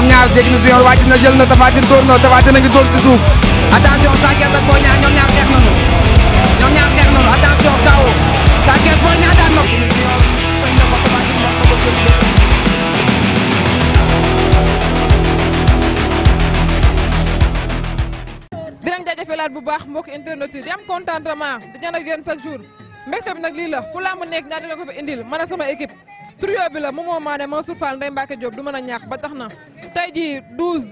ñoom ñaar jéggi na su yor wàcc na jël na Tapha Tine dóor na Tapha Tine a ngi dóor ci suuf attention Sa Thiès ak Boy Niang ñoom ñaar xeex nañu ñoom ñaar xeex nañu attention kaw Sa Thiès Boy Niang daan na dinañ jaajëfalaat bu baax mbokk internet yi di am contentement di ñaan ak yéen chaque jour mbégte bi nag lii la fu làmb nekk ñaar dina ko fa indil man ak sama équipe trio bi la Momo Mané Mansour Fall Ndeye Mbacke Diop du mën a ñaax ba tax na tey jii 12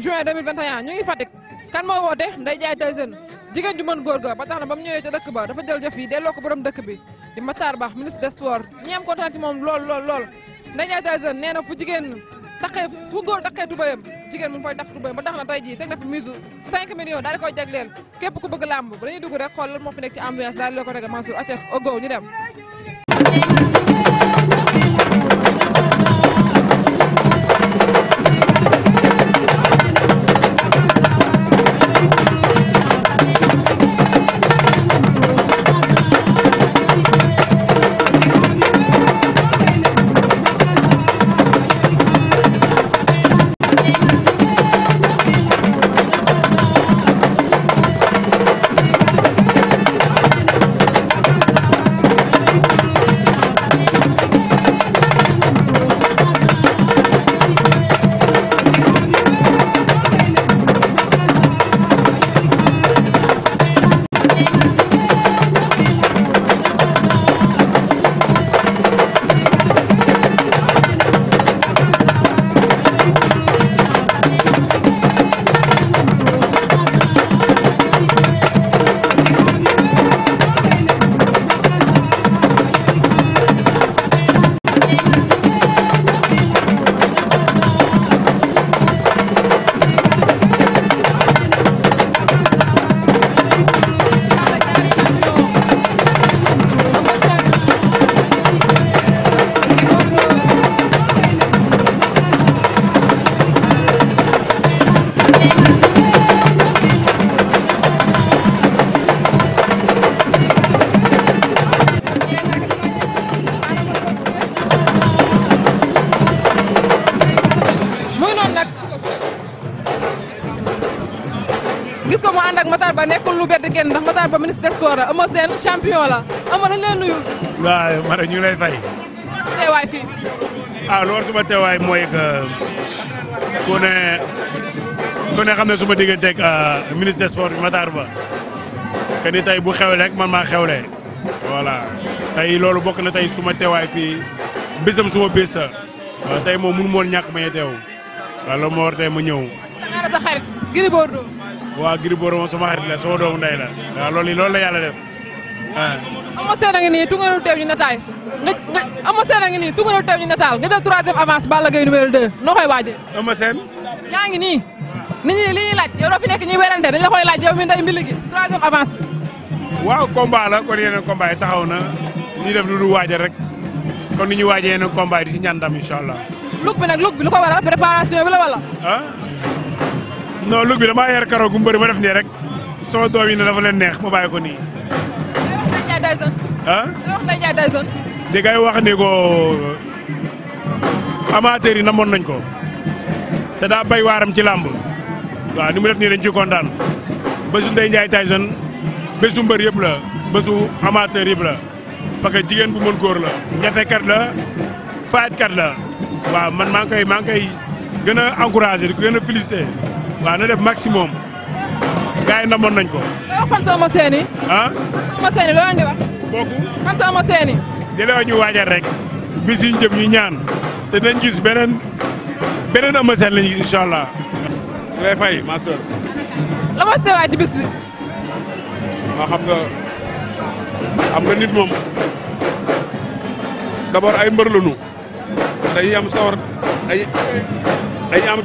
juin 2021 ñu ngi Fatick kan moo woote Ndeye Ndiaye Tyson jigéen ju mën góor ga ba tax na ba mu ñëwee ca dëkk ba dafa jël jëf yi delloo ko borom dëkk bi di Matar Ba ministre des ñi am kontaan ci moom lool lool lool Ndeye Ndiaye Tyson nee na fu jigéen taqee fu góor taqee tubayam jigéen mu fay tax tubayam ba tax na tey jii teg na fi mise 5 daal koy jagleel képp ku bëgg làmb ba dañuy dugg rek xool ko tegal ministre des sports la Eumeu Sène la Eumeu dañ lay nuyu. waaw ma ñu ngi lay fay. teewaay fii. ah loolu suma mooy que ku ne ku ne xam ne suma digganteeg euh, ministre des sports bi Matar Ba que tey bu xewle rek man maa xewle voilà tey loolu bokk na tey suma teewaay fii bésam suma bés sa tey moom mënu moon ñàkk may teew waaw loolu ma ñëw. sa xarit waaw Gris Bordeaux moom sama xarit la sama doomu ndey la waaw loolu loolu la yàlla def ah. Eumeu Sène a ngi nii tungalu teew ñu nataal nga nga Eumeu Sène a ngi nii tungalu teew ñu nataal nga jël troisième avance Balla Gaye numéro 2 noo koy waajee. Eumeu Sène. ngi nii. nit ñi li ñuy laaj yow doo fi nekk ñuy werante dañ la koy laaj yow mi nday mbili gi troisième avance bi. waaw combat la kon yeneen taxaw na ñuy def lu dul waajal rek kon ni ñu waajee yeneen combat di si ñaan ndam la non lug bi damaa yer karo gu mbëri ma def nii rek sama doom yi ne dafa leen neex ma bàyyi ko nii. ah. di kay wax ni ko amateurs yi namoon nañ ko te daa bay waaram ci làmb waa ni mu def nii dañ ciy kontaan bésu Ndeye Ndiaye Tyson bésu mbër yëpp la bésu amateur yëpp la parce que jigéen bu mën góor la ñafekat la fayatkat la waaw man maa ngi koy maa ngi koy gën a encouragé di ko gën a félicité waaw na def maximum. gars yi namoon nañ ko. looy wax fan sa Eumeu Sène yi. ah fan sa Eumeu loo leen di wax. kooku fan sa Eumeu Sène yi. jëlee ñu rek. bis yi ñu jëm ñaan. te dañ gis beneen beneen Eumeu Sène lañu incha allah. ñu lay fay ma soeur. la ma teewaay bis bi. waa xam nga xam nga nit moom d'abord ay mbër lañu dañuy am sawar dañuy dañuy am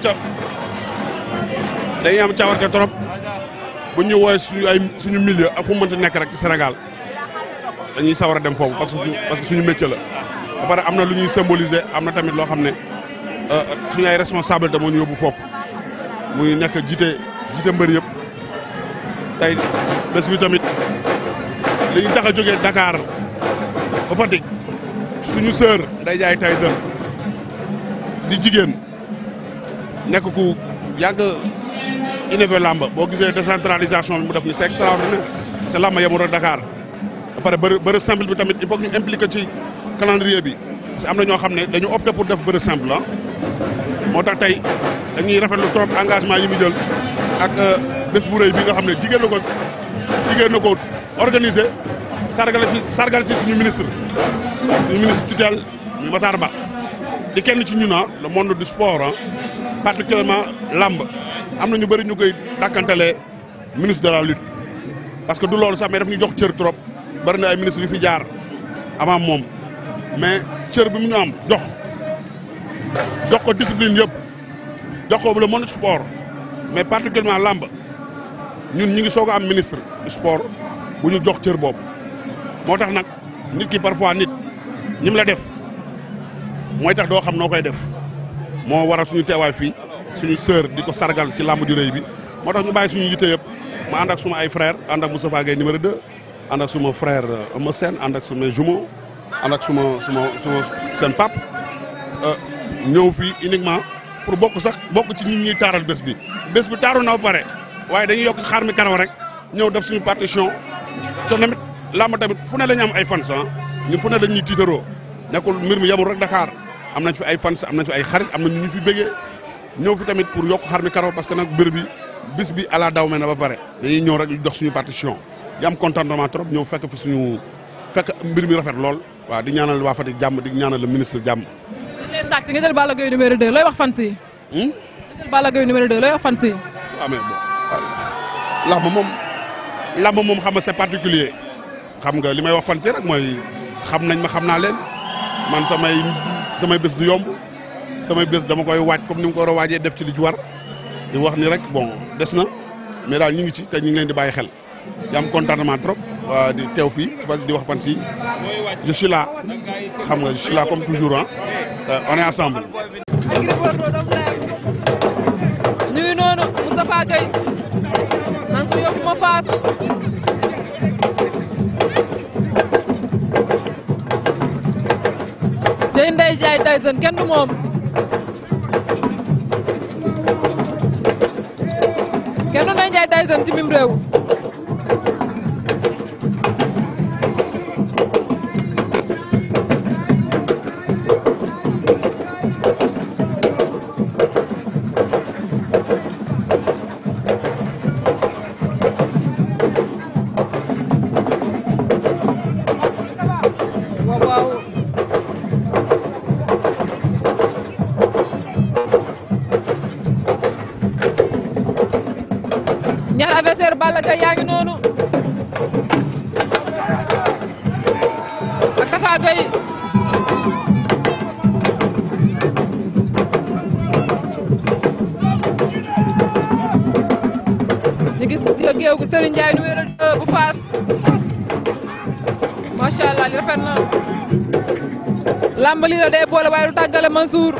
dañuy am cawarte trop bu ñu woowee suñu ay suñu milieu ak fu mu nekk rek ci Sénégal dañuy sawar a dem foofu parce que que suñu métier la. ba am na lu ñuy symboliser am na tamit loo xam ne euh, suñu ay responsabilité moo ñu yóbbu foofu muy nekk jiite jiite mbër yëpp tey tamit li ñu tax a jógee Dakar ba Fatick suñu sœur day jaay Tyson di jigéen nekk ku. yàgg innové làmb boo gisee décentralisation mu def ni c'est extraordinaire c'est làmb yemul ak Dakar ba pare bëri bëri bi tamit il faut ñu impliqué ci calendrier bi parce que am na ñoo xam ne dañu opté pour def bëri simple ah moo tax tey dañuy rafetlu trop engagement yi mu jël ak euh, bés bu rëy bi nga xam ne jigéen na ko jigéen na ko organisé sargal fi si suñu ministre suñu ministre tutelle muy Matar Ba di kenn ci ñun ah le monde du sport ah. particulièrement làmb am na ñu bëri ñu koy dàkkantalee ministre de la lutte parce que du loolu sax mais daf ñu jox cër trop bëri na ay ministre yu fi jaar avant moom mais cër bi mu ñu am jox jox ko discipline yëpp jox ko le monde sport mais particulièrement làmb ñun ñi ngi soog a am ministre spor bu ñu jox cër boobu moo tax nag nit ki parfois nit ñi mu la def mooy tax doo xam noo koy def moo waral suñu teewaay fii suñu sœur di ko sargal ci làmb ju rëy bi moo tax ñu bàyyi suñu yitte yëpp ma ànd ak suma ay frère ànd ak Moustapha Gueye numéro 2 ànd ak suma frère euh, Eumeu seen ànd ak suma jumeau ànd ak suma suma suma seen pap euh, ñëw fii uniquement pour bokk sax bokk ci nit ñuy taaral bés bi bés bi taaru na ba pare waaye dañu yokk xar mi karaw rek ñëw def suñu partition te tamit làmb tamit fu ne la ñu am ay fans ah, ñun fu ne la ñuy tiitaroo nekkul mbir mi yamul rek Dakar am nañ fi ay fans am nañ fi ay xarit am nañ ñu fi béggee ñëw fi tamit pour yokk xar mi karaw parce que nag bër bi bis bi ala daw me na ba pare dañuy ñëw rek ñu dox suñu partition yi am contentement trop ñëw fekk fi suñu fekk mbir mi rafet lool waaw di ñaanal waa Fatick jàmm di ñaanal ministre jàmm. nga sàcc nga jël Balla Gaye numéro 2 looy wax fans yi. Hmm? nga jël Balla Gaye numéro 2 looy wax fans yi. waaw ah, mais moom xam nga c'est particulier xam nga li may wax fans rek mooy xam nañ ma xam naa leen man may samay bés du yomb samay bés dama koy waaj comme ni mu ko waajee def ci li ci war di wax ni rek bon des na mais daal ñu ngi ci te ñu ngi leen di bàyyi xel di am contentement trop di teew fii di wax fan si je suis xam nga je suis là comme toujours ah ensemble. ñu noonu Moustapha Gueye man ko yóbbu faas. tey Ndeye Ndiaye Tyson kenn du moom kenn du Ndeye ci mim réew ñaar adversaire Balla Gaye yaa ngi noonu ak Tapha Gaye gis géew gu Serigne Ndiaye numéro 2 bu Fass macha allah li rafet na lamb lii la boole waaye du tàggale Mansour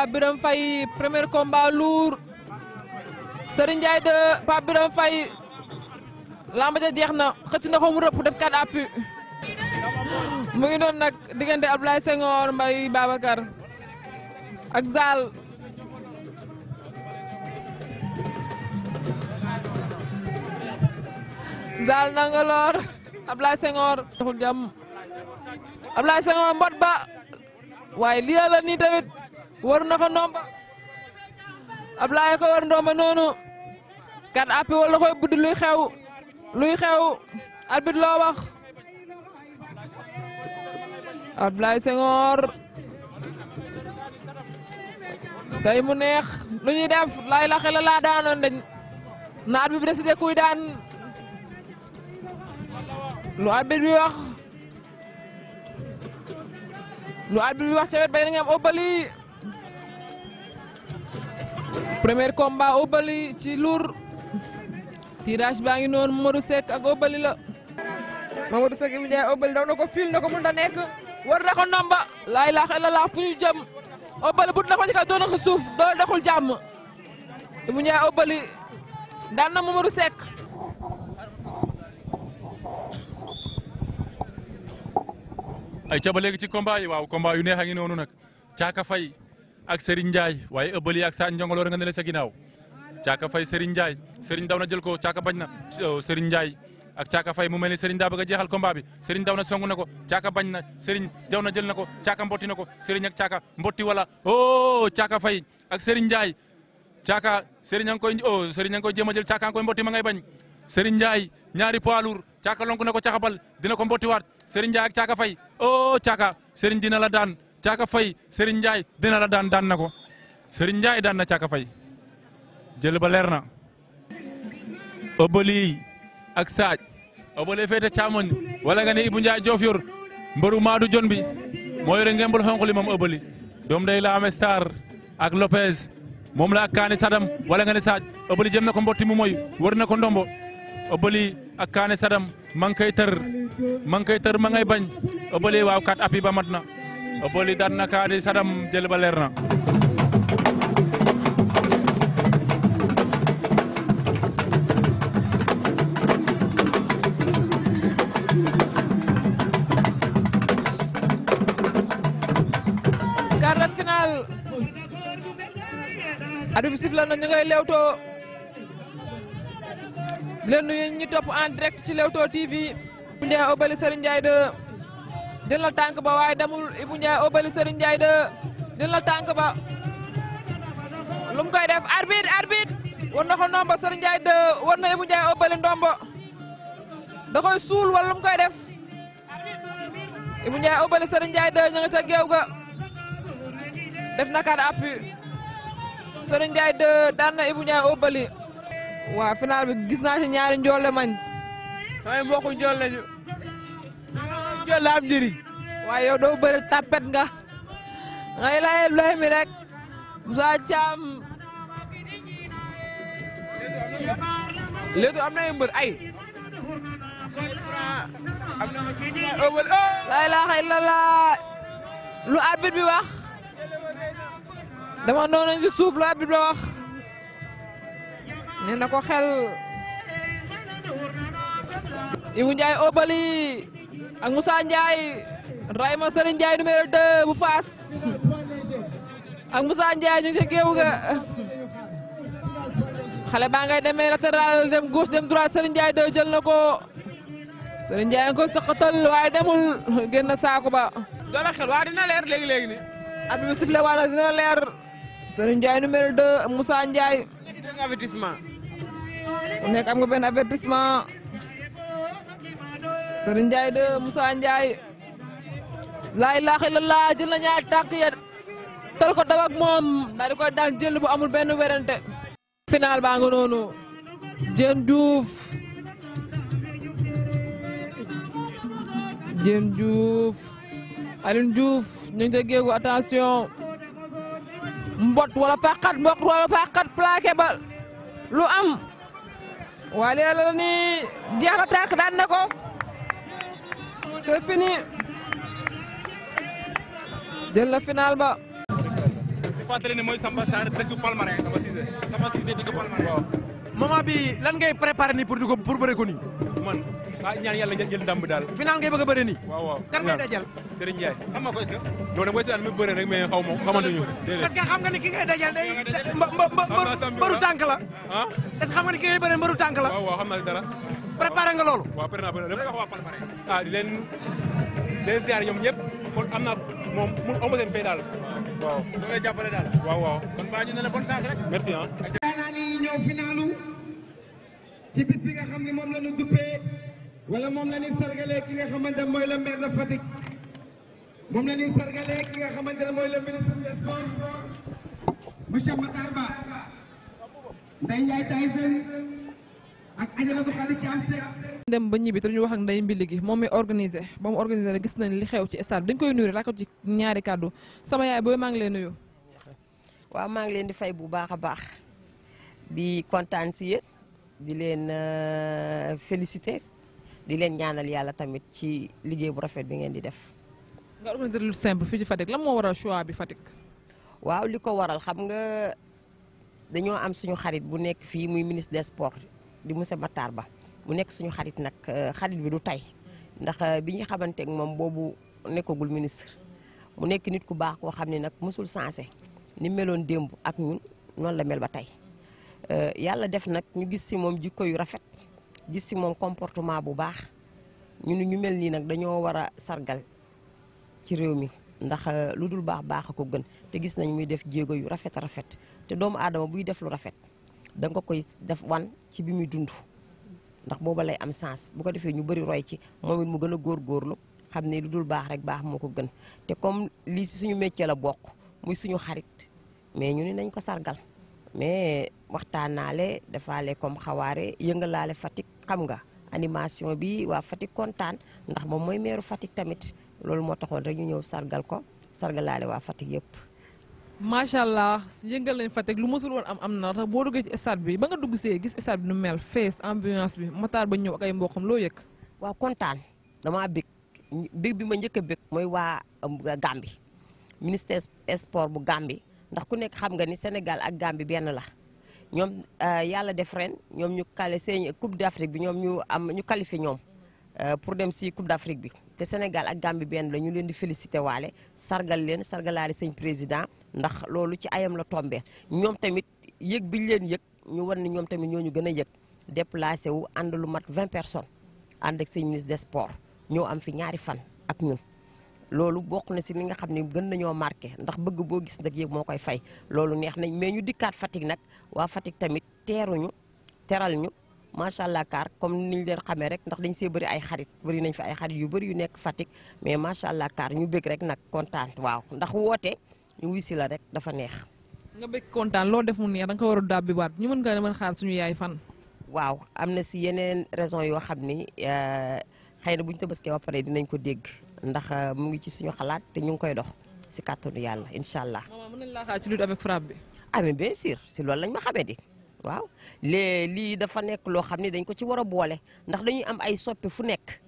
Pape Birame Faye premier combat lourd Serigne Ndiaye de Pape Birame Faye lamb ja jeex na xëcc na ko mu rëpp def kat appui mu ngi doon nag diggante Abdoulaye Senghor Mbaye Babacar ak Zal Zal Nangalor Abdoulaye Senghor doxul Senghor mbot ba waaye lii la tamit waru na ko ndomba Ablaye ko war noonu kat appi wala koy budd luy xew luy xew arbitre loo wax mu neex lu ñuy def lay la xel laa daanoon na arbitre bi décidé kuy daan lu arbitre bi wax lu arbitre bi wax ca bay na nga am premier combat Obali ci lour tirage baa ngi noonu Mamadou Seck ak Obali la Mamadou Seck Ibu Ndiaye Obali daw na ko fil na ko mënut a nekk war na ko nomba laay laax la laa fu ñu jëm Obali bu na ko ci kaw doon na ko suuf doon doxul jàmm Ibu daan na Mamadou Seck ay ca ci combat waaw combat yu neex a noonu nag caaka fay ak Serigne Ndiaye waaye ëbbal yi ak Sane Ndiongolor nga ne la sa ginnaaw Caaka Faye Serigne Ndiaye daw na jël ko Caaka bañ na euh, Serigne Ndiaye ak Caaka fay mu mel ni Serigne daa bëgg a jeexal combat bi Serigne daw na song na ko Caaka bañ na Serigne daw na jël na ko Caaka mbotti na ko Serigne ak Caaka mbotti wala oh Caaka Faye ak Serigne Ndiaye Caaka Serigne a ngi koy oh Serigne a ngi koy jéem a jël Caaka a ngi ma ngay bañ Serigne Ndiaye ñaari poids lourd Caaka lonku na ko caxabal dina ko mbottiwaat Serigne Ndiaye ak Caaka Faye oh Caaka Serigne dina la daan Caaka Fay Serigne Ndiaye dina la daan daan na ko sëriñ Ndiaye daan na Caaka Fay jël ba leer na Obali ak Saaj Obali féete càmmoñ wala nga ne Ibou Ndiaye Diof yor mbëru Maadou Jon bi moo yore ngembul xonq li moom Obali doom day la Star ak Lopez moom la ak Kaane Sadam wala nga ne Saaj Obali jëm na ko mbotti mu moy wër na ko ndombo Obali ak Kaane Sadam ma ngi koy tër ma ngi koy tër ma ngay bañ Obali waaw kat api ba mat na. a ɓoli danna kaani sadam jel ba leer na quart de finale arbitre bi sifflé na ñu ngay Leewtoo di topp en direct ci Leewtoo TV Ndiaye Obali Serigne Ndiaye jël na tànk ba waaye demul Ibou Ndiaye Obali Serigne Ndiaye de jël na tànk ba lu koy def arbitre arbitre war na ko ndombo Serigne Ndiaye de war na Ibou Ndiaye Obali ndombo da koy suul wala lu koy def Ibou Ndiaye Obali Serigne Ndiaye de ñu ngi ga def na kat appui Serigne Ndiaye de daan na Ibou Ndiaye Obali. waa final bi gis naa ci ñaari mañ samay mbokku njool lañu. jël la am njëriñ waaye yow doo bëri tapet nga ngay lay lay mi rek Moussa Thiam léegi am na ay mbër ay laa ilaaha illallaah lu arbitre bi wax dama noonu ci suuf lu arbitre bi wax nee na ko xel Ibou Ndiaye Obali ak musa Ndiaye Rayma Serigne Ndiaye numéro 2 bu Faas ak Moussa Ndiaye ñu ngi ca xale baa ngay demee latéral dem gauche dem droite Serigne Ndiaye 2 jël na ko Serigne Ndiaye nga koy saqatal waaye demul génn saako ba. dara xel waa dina leer léegi léegi nii. at bi sifflé waa nag dina leer Serigne Ndiaye numéro 2 Moussa Ndiaye. ku nekk am nga benn avertissement. Serigne Ndiaye de Moussa lay laa la illallaah jël na ñaar tànk ya tal ko daw moom daal koy daan jël bu amul benn werante final baa nga noonu Diène Diouf Diène Diouf Alioune Diouf ñu géegu attention mbot wala faqat mbot wala faqat plaqué ba lu am waa leela ni jeex na tàkk daan ko c'est fini jël na final ba. di mooy Samba Sarr dëkk Palmarin Samba Cissé Samba Cissé bi lan ngay préparé nii pour di ko pour bëre ko nii. man ah ñaan yàlla jël ndam daal. final ngay bëgg a bëre nii. waaw waaw kan dajal. Serigne Ndiaye xam nga ko est ce que. non mu bëre rek mais xaw ma xamantuñu. déedéet parce que xam nga ki ngay dajal day. mba mba mbaru tànk la. ah est ce que ki ngay bëre mbaru tànk la. waaw waaw xam naa dara. préparé nga loolu. waaw pare naa pare damay wax waa Palmarin ah di leen di leen ziare ñoom ñëpp kon am naa moom mun amu seen fay daal. waaw da ngay jàppale daal. waaw waaw kon mbaa ñu ne la bonne chance rek. merci ah. naa ni ñëw finalu ci bis bi nga xam ne moom la ñu duppee wala moom la ñuy sargalee ki nga xamante mooy le maire de Fatick moom la ñuy sargalee ki nga xamante ne mooy le ministre des sports monsieur Matar Ba Ndeye Ndiaye Tyson ak dem ba ñibbi te ñu wax ak nday mbili gi moom mi organisé ba mu organisé gis nañ li xew ci stade bi dañ koy nuyu laako ci ñaari kàddu sama yaay booy maa ngi leen nuyu waaw maa ngi leen di fay bu baax a baax di kontaan si di leen euh, félicité di leen ñaanal yàlla tamit ci liggéey bu rafet bi ngeen di def nga organisé lu simple fii ci Fatick lan moo waral choix bi Fatick waaw li ko waral xam nga dañoo am suñu xarit bu nekk fii muy ministre de sports di monsieur Matar Ba mu nekk suñu xarit nag euh, xarit bi du tey ndax euh, bi ñuy xamante ak moom boobu nekkagul ministre mu nekk nit ku baax koo xam ne nag mosul sensé ni meloon démb ak noonu la mel ba tey euh, yàlla def nag ñu gis si moom jikko yu rafet gis si moom comportement bu baax ñu ñu mel nii nag dañoo war a sargal ci réew mi ndax lu dul baax baax a ko gën te gis nañ muy def jéego yu rafet rafet te doomu aadama buy def lu rafet da koy def wan ci bi muy dund ndax booba lay am sens bu ko defee ñu bëri roy ci moom it mu gën a góor góorlu xam ne lu dul baax rek baax moo ko gën te comme lii si suñu métier la bokk muy suñu xarit mais ñu ni nañ ko sargal mais waxtaanaale defaale comme xawaare yëngalaale Fatick xam nga animation bi waa Fatick kontaan ndax moom mooy meeru Fatick tamit loolu moo taxoon rek ñu ñëw sargal ko sargalaale waa Fatick yëpp macha allah yëngal nañ Fatick lu mosul am am na tax boo duggee ci stade bi ba nga dugg see gis stade bi nu mel fees ambiance bi Matar ba ñëw ak ay mboqam loo yëg. waa kontaan damaa bég bég bi ma njëkk a bég mooy waa um, Gambie ministère sport bu Gambie ndax ku nekk xam nga ni Sénégal ak Gambie benn la. ñoom euh, yàlla def ren ñoom ñu kale bi ñoom ñu am ñu qualifié ñoom euh, pour dem si coupe d' afrique bi te Sénégal ak Gambie benn la ñu leen di félicité waale sargal leen sargalaale sëñ président ndax loolu ci ayam la tombé ñoom tamit yëg biñ leen yëg ñu war ni ñoom tamit ñoo ñu gën a yëg déplacé wu ànd lu mat 20 personnes ànd ak sëñ ministre des sports ñoo am fi ñaari fan ak ñun. loolu bokk na si li nga xam ne gën nañoo marqué ndax bëgg boo gis nag yëg moo koy fay loolu neex nañ mais ñu dikkaat Fatick nag waa Fatick tamit teeruñu teral ñu macha allah kaar comme niñ leen xamee rek ndax dañ see bëri ay xarit bëri nañ fi ay xarit yu bëri yu nekk Fatick mais macha allah kaar ñu bëgg rek nag kontaan waaw ndax woote ñu wuy si la rek dafa neex. nga bëgg kontaan loo def mu neex da ko war a dàbbi baat ñu mën nga mën xaar suñu yaay fan. waaw am na si yeneen raison yoo xam ni euh, xëy na bu ñu tabaskee ba pare dinañ ko dégg ndax euh, mu ngi ci suñu xalaat te ñu ngi koy dox si kàttanu yàlla incha allah. maman mën nañ laa ah, si loolu lañ xamee di waaw lée lii dafa nekk loo xam ne dañ ko ci war a boole ndax dañuy am ay soppe fu nekk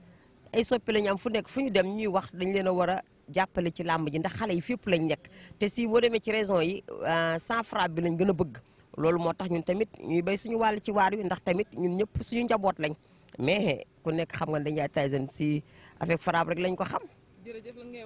ay soppi la am fu nekk fu ñu dem ñuy wax dañ leen a war a jàppale ci làmb ji ndax xale yi fépp lañ nekk te si boo demee ci raison yi euh, sans frappe bi lañ gën a bëgg loolu moo tax ñun tamit ñuy bay suñu wàll ci waar wi ndax tamit ñun ñëpp suñu njaboot lañ mais ku nekk xam nga Ndeye Ndiaye Tyson si avec frappe rek lañ ko xam. jërëjëf lan ngay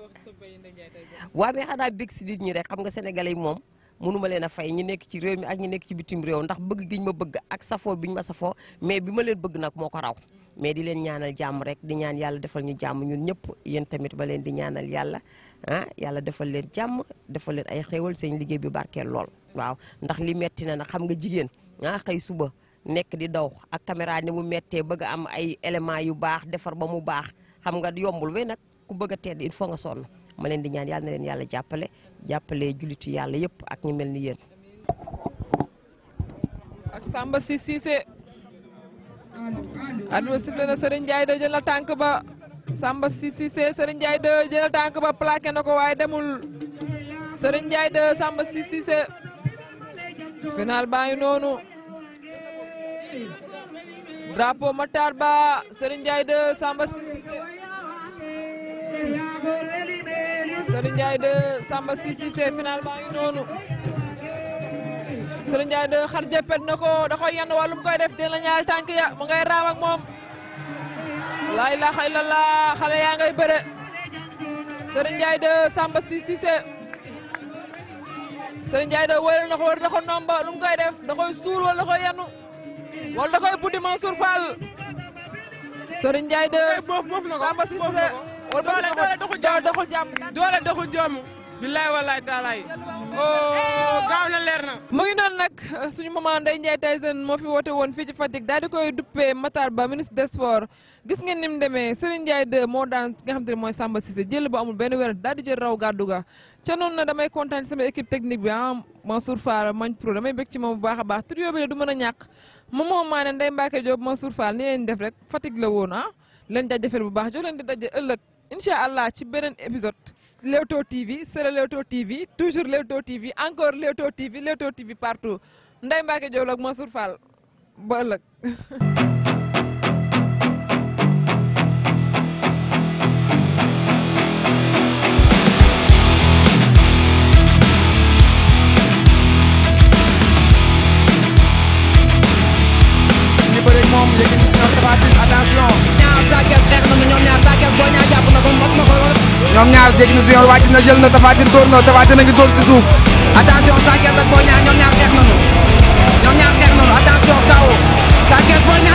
wax sa big si nit ñi rek xam nga sénégalais yi moom. mënuma leen a fay ñi nekk ci réew mi ak ñi nekk ci bitim réew ndax bëgg giñ ma bëgg ak safoo biñ ma safoo mais bi ma leen bëgg nag moo ko raw mais di leen ñaanal jàmm rek di ñaan yàlla defal ñu jàmm ñun ñëpp yéen tamit ba leen di ñaanal yàlla ah yàlla defal leen jàmm defal leen ay xéewal seen liggéey bi barkeel lool waaw ndax li metti na nag xam nga jigéen ah xëy suba nekk di daw ak caméra ni mu mettee bëgg am ay éléments yu baax defar ba mu baax xam nga yombul we nag ku bëgg a tedd il faut nga sonn maleen di ñaan yàlla na leen yàlla jàppale jàppale jullitu yàlla yëpp ak ñu mel ni yéen. ak Samba si Cissé Adou sifle na de jël na tànk ba Samba si Cissé Serigne de jël na tànk ba plaqué na ko waaye demul Serigne Ndiaye de Samba si final baa ngi noonu. drapeau Matar Ba Serigne Ndiaye de Samba si Serigne Ndiaye 2 Samba Cissé final baa ngi noonu Serigne Ndiaye 2 xar jëppet na ko da koy yenn wàllum koy def dina la ñaari tànk ya mu moom laa ilaaha xale yaa ngay bëre Serigne Ndiaye 2 Samba Cissé Serigne Ndiaye 2 wëral na koy def da suul wala da koy yenn wala da koy buddi Mansour Fall Serigne Samba Cissé doole doole doxul jàmm doxul jàmm. doole doxul jàmm. billaay wallaay taalaay. oo oh, gaaw na leer na. mu ngi noonu nag suñu maman Ndeye Ndiaye Tyson moo fi woote woon fii ci Fatick daal di koy duppee Matar Ba ministre de sports gis ngeen ni mu demee Serigne Ndiaye moo daan nga xam te ne mooy Samba Cissé jël ba amul benn weer daal di jël raw gàddu ga ca noonu na damay kontaan sama équipe technique bi ah Mansour Fall Mañ Pro damay bëgg ci moom bu baax a baax tur yooyu du mën a ñàkk moo maa ne Ndeye Mbacke Diop Mansour Fall def rek Fatick la woon ah leen jaajëfal bu baax jox leen di daje ëllëg. incha allah ci beneen épisode Leewtoo TV c'est le Leewtoo TV toujours Leewtoo TV encore Leewtoo TV Leewtoo TV partout Ndeye Mbacke Diop ak Mansour Fall ba ëllëg ñoom ñaar jéggi na junior wàcc na jël na Tapha Tine dóor na Tapha a ngi dóor ci suuf attention Sa Thiès ak ñoom ñaar xeex nañu ñoom ñaar xeex nañu attention KO Sa Thiès Boy